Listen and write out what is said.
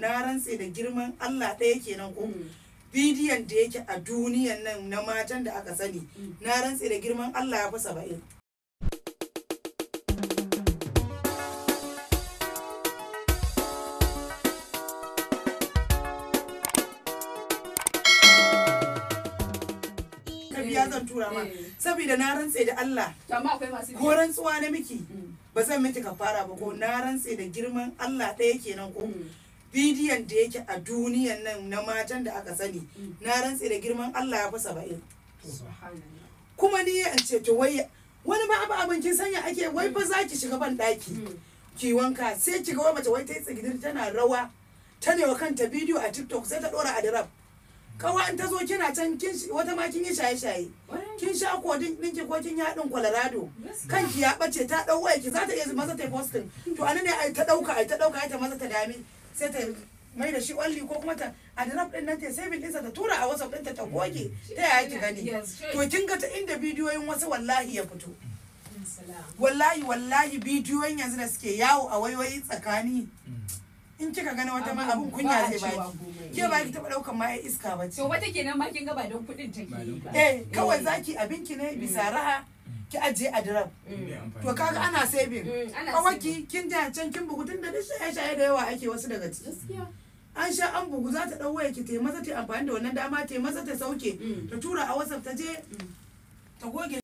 na rantse da girman Allah ɗaya kenan ko mm. bidiyon da yake a duniyan nan na matan da aka sani mm. na rantse da girman Allah ya fi saba'in eh, eh. saboda na rantse da Allah ko rantsuwa na miki mm. ba zan miki kafara ba ko na rantse da girman Allah ɗaya kenan ko bidiyon da yake a duniyan nan na matan da aka sani mm. na rantse da girman Allah ya fi saba'in kuma ni ya ce to wai wani ba abu abin kin sanya ake wai fa mm. za ki shiga ban daki mm. ki wanka sai ki ga wai mace wai ta yi tana rawa ta ne wa kanta bidiyo a tiktok sai ta dora a dirab kawa in ta zo kina can wata ma kin yi shaye-shaye kin sha kodin ki ko kin yaɗin colorado kanki ya bace ta ɗau waya ki za ta iya maza ta posting to anan ne ta ɗauka ai ta ɗauka ai ta maza ta dame sai ta mai da shi olli ko kuma ta adrap din nan ta saving ɗinsa ta tura a whatsapp din ta goge ta yaya ki gani to kin ga ta inda bidiyoyin wasu wallahi ya fito mm, wallahi wallahi bidiyoyin yanzu da suke yawo a waiwayi tsakani in kika gani wata ma abun kunya zai baki ke ba ki taba daukan ma iska ba ce to wata kenan ma kin ga ba don kudin take eh kawai zaki abinki ne bisa raha ki ajiye mm. a dirab to kaga ana mm, saving ki, kin ji can kin bugu tun da duk shaye-shaye da yawa ake wasu daga ciki an sha an bugu za ta ɗau ki taimaka ta amfani da wannan dama taimaka ta sauke mm. ta tura a wasaf ta je ta goge